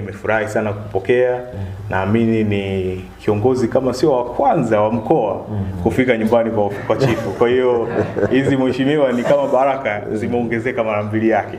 Nimefurahi sana kupokea Naamini ni kiongozi kama sio wa kwanza wa mkoa kufika nyumbani kwa, kwa chifu. Kwa hiyo hizi mheshimiwa, ni kama baraka zimeongezeka mara mbili yake.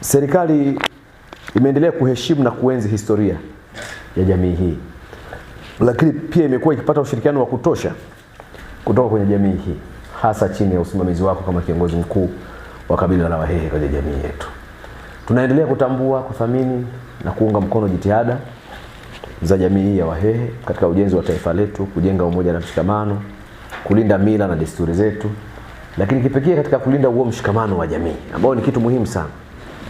serikali imeendelea kuheshimu na kuenzi historia ya jamii hii, lakini pia imekuwa ikipata ushirikiano wa kutosha kutoka kwenye jamii hii, hasa chini ya usimamizi wako kama kiongozi mkuu wa kabila la Wahehe kwenye jamii yetu. Tunaendelea kutambua, kuthamini na kuunga mkono jitihada za jamii hii ya Wahehe katika ujenzi wa taifa letu, kujenga umoja na mshikamano, kulinda mila na desturi zetu, lakini kipekee katika kulinda huo mshikamano wa jamii ambao ni kitu muhimu sana.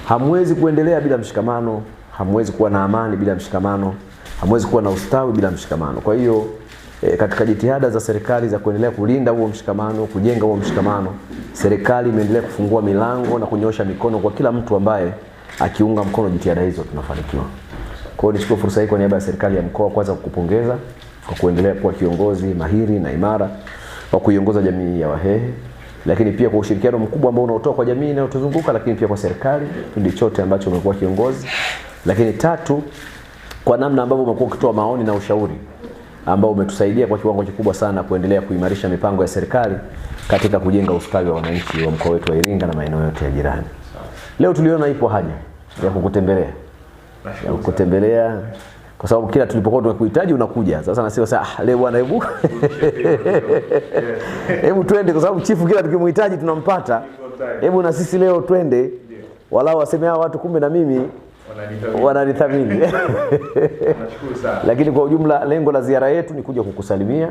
Hamwezi kuendelea bila mshikamano, hamwezi kuwa na amani bila mshikamano, hamwezi kuwa na ustawi bila mshikamano. Kwa hiyo e, katika jitihada za serikali za kuendelea kulinda huo mshikamano, kujenga huo mshikamano, serikali imeendelea kufungua milango na kunyosha mikono kwa kila mtu ambaye akiunga mkono jitihada hizo tunafanikiwa. Kwa hiyo nichukue fursa hii kwa niaba ya serikali ya mkoa kwanza kukupongeza kwa kuendelea kuwa kiongozi mahiri na imara wa kuiongoza jamii ya Wahehe lakini pia kwa ushirikiano mkubwa ambao unaotoa kwa jamii inayotuzunguka, lakini pia kwa serikali kipindi chote ambacho umekuwa kiongozi. Lakini tatu, kwa namna ambavyo umekuwa ukitoa maoni na ushauri ambao umetusaidia kwa kiwango kikubwa sana kuendelea kuimarisha mipango ya serikali katika kujenga ustawi wa wananchi wa mkoa wetu wa Iringa na maeneo yote ya jirani. Leo tuliona ipo haja ya kukutembelea ya kukutembelea kwa sababu kila tulipokuwa tunakuhitaji unakuja. Sasa nasema sasa, ah, leo bwana, hebu hebu twende, kwa sababu chifu kila tukimhitaji tunampata. Hebu na sisi leo twende, walau waseme hao watu, kumbe na mimi wananithamini. Lakini kwa ujumla, lengo la ziara yetu ni kuja kukusalimia,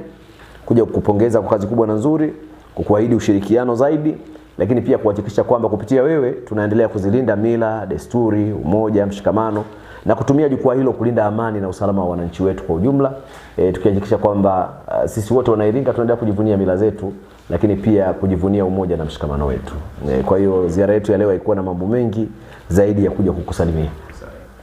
kuja kukupongeza kwa kazi kubwa na nzuri, kukuahidi ushirikiano zaidi, lakini pia kuhakikisha kwamba kupitia wewe tunaendelea kuzilinda mila, desturi, umoja, mshikamano na kutumia jukwaa hilo kulinda amani na usalama wa wananchi wetu kwa ujumla e, tukihakikisha kwamba uh, sisi wote wanairinga tunaendelea kujivunia mila zetu lakini pia kujivunia umoja na mshikamano wetu. E, kwa hiyo ziara yetu ya leo haikuwa na mambo mengi zaidi ya kuja kukusalimia.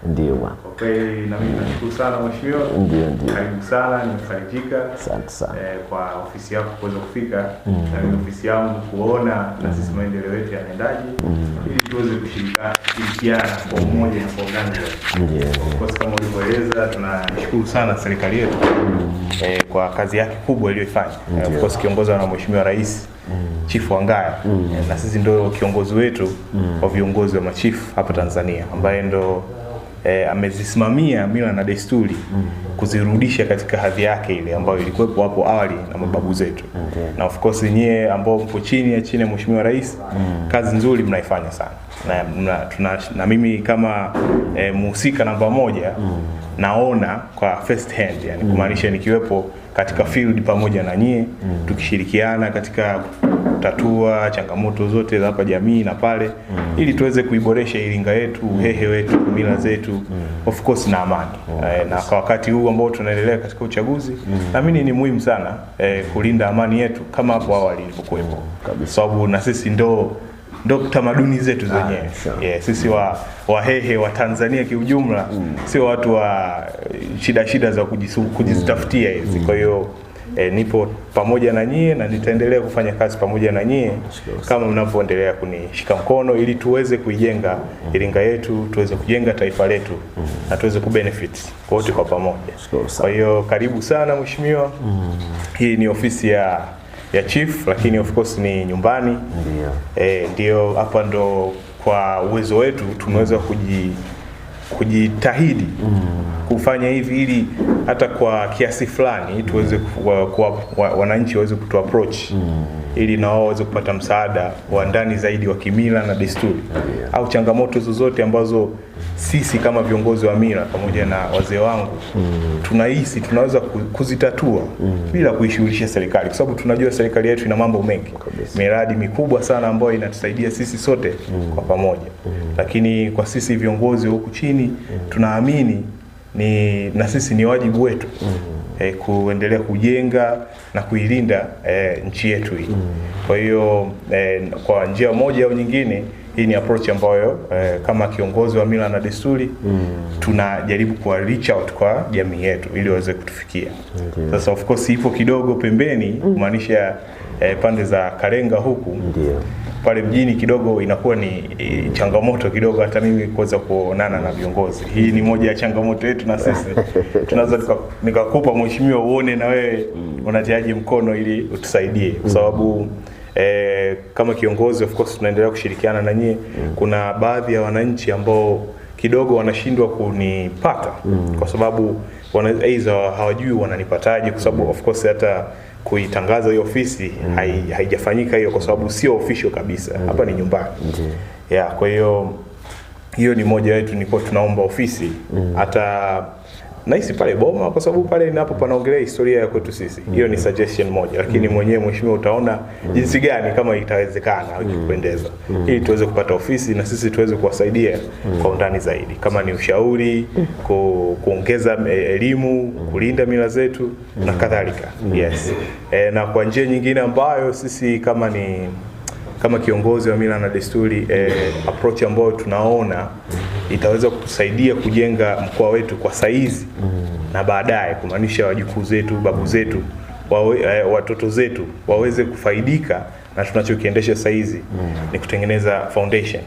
Ndio bwana. Kwa na mimi nashukuru sana mheshimiwa. Ndio ndio. Karibu sana, nimefarijika. Asante sana. Eh, kwa ofisi yako kuweza kufika mm -hmm. na mimi ofisi yangu kuona na sisi mm. maendeleo yetu yanaendaje mm -hmm. ili tuweze kushirikiana kwa umoja na kwa ungano Ndio. Kwa kama ulivyoeleza tunashukuru sana serikali yetu mm -hmm. eh, kwa kazi yake kubwa iliyoifanya. Of course kiongozwa na mheshimiwa rais mm. Chifu Wangaya mm. Eh, na sisi ndio kiongozi wetu mm. wa viongozi wa machifu hapa Tanzania ambaye ndo eh, amezisimamia mila na desturi mm. kuzirudisha katika hadhi yake ile ambayo ilikuwepo hapo awali na mababu zetu okay. na of course nyie ambao mpo chini ya chini ya Mheshimiwa Rais mm. kazi nzuri mnaifanya sana na, na, tuna, na mimi kama eh, muhusika namba moja mm. naona kwa first hand yani mm. kumaanisha nikiwepo katika field pamoja na nyie mm. tukishirikiana katika kutatua changamoto zote za hapa jamii na pale mm. ili tuweze kuiboresha Iringa yetu, mm. Uhehe wetu, mila zetu mm. of course na amani oh, eh, na kwa wakati huu ambao tunaendelea katika uchaguzi mm. naamini ni muhimu sana eh, kulinda amani yetu kama hapo awali ilivyokuwepo mm. sababu na sisi ndo ndo tamaduni zetu zenyewe ah, yeah, sisi wa Wahehe wa Tanzania kiujumla mm. sio watu wa eh, shida shida za kujizitafutia hizi mm. kwa hiyo e, nipo pamoja na nyie na nitaendelea kufanya kazi pamoja na nyie kama mnavyoendelea kunishika mkono, ili tuweze kuijenga mm. Iringa yetu, tuweze kujenga taifa letu mm. na tuweze kubenefit wote kwa pamoja. Kwa hiyo karibu sana mheshimiwa. Mm. Hii ni ofisi ya ya chief, lakini of course ni nyumbani. Ndio eh, hapa ndo kwa uwezo wetu tunaweza kuji kujitahidi mm. kufanya hivi ili hata kwa kiasi fulani tuweze wananchi waweze kutu approach mm ili na wao waweze kupata msaada wa ndani zaidi wa kimila na desturi yeah. au changamoto zozote ambazo sisi kama viongozi wa mila pamoja na wazee wangu mm. tunahisi tunaweza kuzitatua mm. bila kuishughulisha serikali, kwa sababu tunajua serikali yetu ina mambo mengi, miradi mikubwa sana ambayo inatusaidia sisi sote mm. kwa pamoja mm. lakini kwa sisi viongozi huku chini mm. tunaamini ni na sisi ni wajibu wetu mm eh, kuendelea kujenga na kuilinda eh, nchi yetu hii. Mm. Kwa hiyo eh, kwa njia moja au nyingine hii ni approach ambayo eh, kama kiongozi wa mila na desturi mm. tunajaribu kuwa reach out kwa jamii yetu ili waweze kutufikia. Okay. Sasa of course ipo kidogo pembeni mm. kumaanisha mm. eh, pande za Kalenga huku Ndiyo pale mjini kidogo inakuwa ni e, changamoto kidogo hata mimi kuweza kuonana na viongozi. Hii ni moja ya changamoto yetu na sisi tunaweza nikakupa mheshimiwa, uone na wewe mm. unatiaje mkono ili utusaidie kwa sababu e, kama kiongozi of course tunaendelea kushirikiana na nyie. Mm. Kuna baadhi ya wananchi ambao kidogo wanashindwa kunipata mm. kwa sababu wana, hawajui wananipataje, kwa sababu of course hata kuitangaza hiyo ofisi mm. haijafanyika hiyo kwa sababu sio official kabisa mm. hapa ni nyumbani mm. yeah, kwa hiyo hiyo ni moja wetu nilikuwa tunaomba ofisi mm. hata mm nahisi pale Boma kwa sababu pale napo panaongelea historia ya kwetu sisi. Mm. Hiyo ni suggestion moja, lakini mm. mwenyewe mheshimiwa utaona mm. jinsi gani kama itawezekana ikipendeza, ili tuweze kupata ofisi na sisi tuweze kuwasaidia kwa undani zaidi, kama ni ushauri, ku, kuongeza elimu, kulinda mila zetu na kadhalika. Yes. E, na kwa njia nyingine ambayo sisi kama ni kama kiongozi wa mila na desturi eh, approach ambayo tunaona itaweza kutusaidia kujenga mkoa wetu kwa saizi mm. na baadaye kumaanisha wajukuu zetu, babu zetu, wawe, eh, watoto zetu waweze kufaidika na tunachokiendesha saizi mm. ni kutengeneza foundation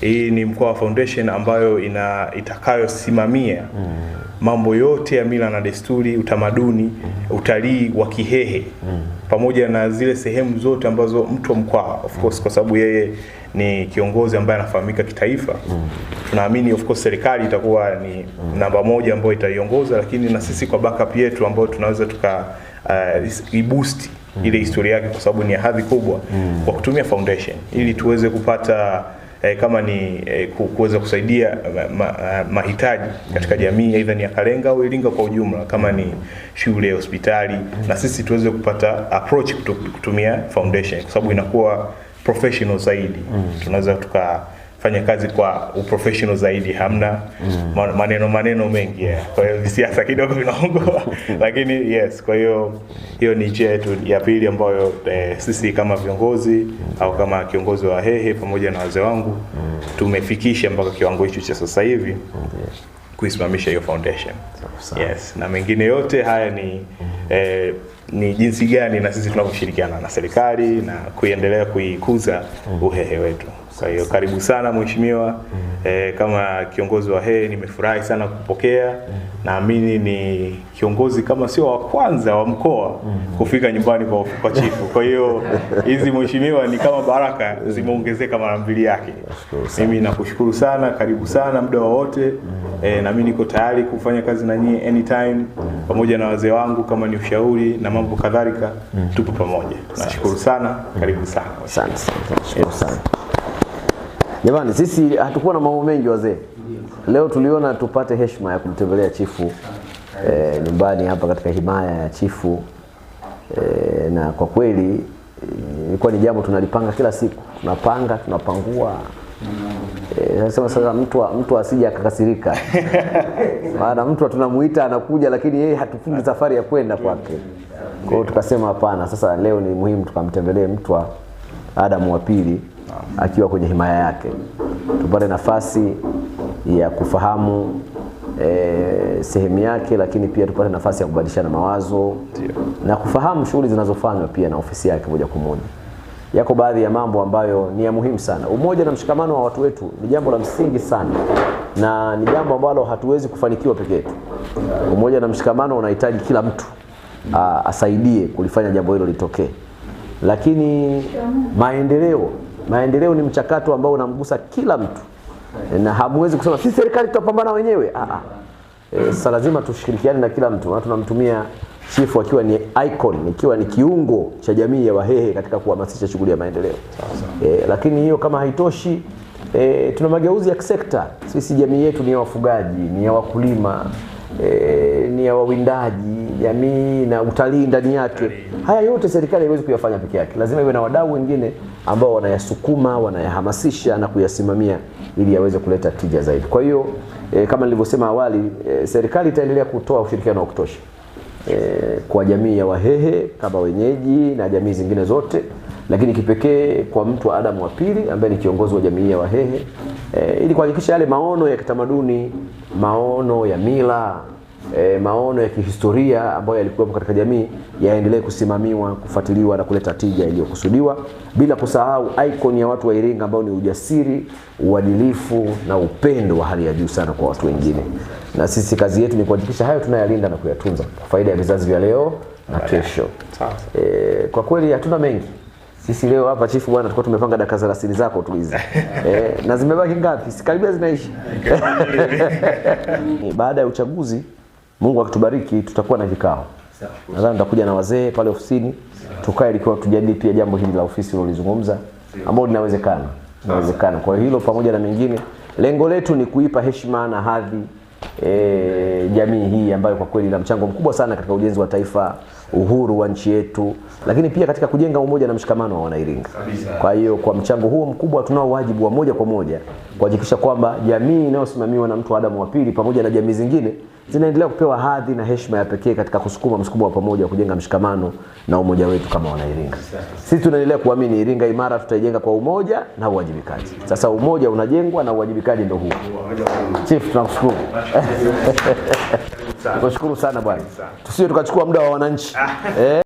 hii ni mkoa wa foundation ambayo ina itakayosimamia mm. mambo yote ya mila na desturi, utamaduni mm. utalii wa Kihehe mm. pamoja na zile sehemu zote ambazo mtu mkwaa of course, kwa sababu yeye ni kiongozi ambaye anafahamika kitaifa mm. Tunaamini of course serikali itakuwa ni mm. namba moja ambayo itaiongoza, lakini na sisi kwa backup yetu ambayo tunaweza tuka uh, boost mm. ile historia yake kwa sababu ni hadhi kubwa mm. kwa kutumia foundation ili tuweze kupata eh, kama ni eh, kuweza kusaidia eh, ma, ma, eh, mahitaji katika jamii aidha ni ya Kalenga au Iringa kwa ujumla, kama ni shule, hospitali, na sisi tuweze kupata approach kutumia foundation kwa sababu inakuwa professional zaidi mm. tunaweza tukafanya kazi kwa uprofessional zaidi, hamna mm. maneno maneno mengi yeah. Kwa hiyo visiasa kidogo vinaongoa lakini yes, kwa hiyo hiyo ni njia yetu ya pili ambayo eh, sisi kama viongozi mm. au kama kiongozi wa Hehe pamoja na wazee wangu mm. tumefikisha mpaka kiwango hicho cha sasa hivi mm kuisimamisha hiyo foundation yes na mengine yote haya ni mm -hmm. eh, ni jinsi gani na sisi tunavyoshirikiana na serikali na kuiendelea kuikuza mm -hmm. uhehe wetu kwa hiyo karibu sana mheshimiwa. Mm. E, kama kiongozi wa HEE nimefurahi sana kupokea. Mm. Naamini ni kiongozi kama sio wa kwanza wa mkoa mm. kufika nyumbani kwa, kwa chifu. Kwa hiyo hizi mheshimiwa ni kama baraka zimeongezeka mara mbili yake. Mimi nakushukuru sana, karibu sana muda wowote. Mm. E, na niko tayari kufanya kazi na nyie anytime pamoja na wazee wangu kama ni ushauri na mambo kadhalika mm. tupo pamoja. Nashukuru sana, karibu sana. Asante sana. Jamani, sisi hatukuwa na mambo mengi wazee. Leo tuliona tupate heshima ya kumtembelea chifu e, nyumbani hapa katika himaya ya chifu e, na kwa kweli eh, ilikuwa e, ni jambo tunalipanga kila siku, tunapanga tunapangua Nasema sasa mtu mtu asije akakasirika, maana mtu tunamuita anakuja, lakini yeye hatufungi safari ya kwenda kwake. Kwa hiyo tukasema hapana, sasa leo ni muhimu tukamtembelee Mtwa Adamu wa pili akiwa kwenye himaya yake, tupate nafasi ya kufahamu e, sehemu yake, lakini pia tupate nafasi ya kubadilishana mawazo na kufahamu shughuli zinazofanywa pia na ofisi yake moja kwa moja. Yako baadhi ya mambo ambayo ni ya muhimu sana. Umoja na mshikamano wa watu wetu ni jambo la msingi sana na ni jambo ambalo hatuwezi kufanikiwa peke yetu. Umoja na mshikamano unahitaji kila mtu a, asaidie kulifanya jambo hilo litokee, lakini maendeleo Maendeleo ni mchakato ambao unamgusa kila mtu na hamwezi kusema si serikali tutapambana wenyewe. Ah, ah. e, eh, sasa lazima tushirikiane na kila mtu. Tunamtumia chifu akiwa ni icon, ikiwa ni kiungo cha jamii ya Wahehe katika kuhamasisha shughuli ya maendeleo e, lakini hiyo kama haitoshi e, tuna mageuzi ya kisekta. Sisi jamii yetu ni ya wafugaji, ni ya wakulima e, ni ya wawindaji, jamii na utalii ndani yake. Haya yote serikali haiwezi kuyafanya peke yake, lazima iwe na wadau wengine ambao wanayasukuma, wanayahamasisha na kuyasimamia ili yaweze kuleta tija zaidi. Kwa hiyo e, kama nilivyosema awali e, serikali itaendelea kutoa ushirikiano wa kutosha e, kwa jamii ya Wahehe kama wenyeji na jamii zingine zote, lakini kipekee kwa mtu wa Adamu wa Pili ambaye ni kiongozi wa jamii ya Wahehe e, ili kuhakikisha yale maono ya kitamaduni, maono ya mila e, maono ya kihistoria ambayo yalikuwepo katika jamii yaendelee kusimamiwa, kufuatiliwa na kuleta tija iliyokusudiwa, bila kusahau icon ya watu wa Iringa ambao ni ujasiri, uadilifu na upendo wa hali ya juu sana kwa watu wengine. Na sisi kazi yetu ni kuhakikisha hayo tunayalinda na kuyatunza kwa faida ya vizazi vya leo na kesho. E, kwa kweli hatuna mengi sisi leo hapa chifu bwana, tulikuwa tumepanga dakika 30 zako tu hizi eh, na zimebaki ngapi? Si karibia zinaisha. Baada ya uchaguzi, Mungu akitubariki, tutakuwa na vikao. Nadhani nitakuja na wazee pale ofisini tukae, likiwa tujadili pia jambo hili la ofisi ulilozungumza, ambao linawezekana, linawezekana. Kwa hilo pamoja na mengine, lengo letu ni kuipa heshima na hadhi e, jamii hii ambayo kwa kweli ina mchango mkubwa sana katika ujenzi wa taifa uhuru wa nchi yetu, lakini pia katika kujenga umoja na mshikamano wa Wanairinga. Kwa hiyo kwa mchango huo mkubwa, tunao wajibu wa moja kwa moja kuhakikisha kwamba jamii inayosimamiwa na mtu Adamu wa Pili pamoja na jamii zingine zinaendelea kupewa hadhi na heshima ya pekee katika kusukuma msukumo wa pamoja wa kujenga mshikamano na umoja wetu kama Wanairinga. Sisi tunaendelea kuamini Iringa imara tutaijenga kwa umoja na uwajibikaji. Sasa umoja unajengwa na uwajibikaji ndio huo. Chief, tunakushukuru. Nikushukuru sana bwana, tusije tukachukua muda wa wananchi ah. eh.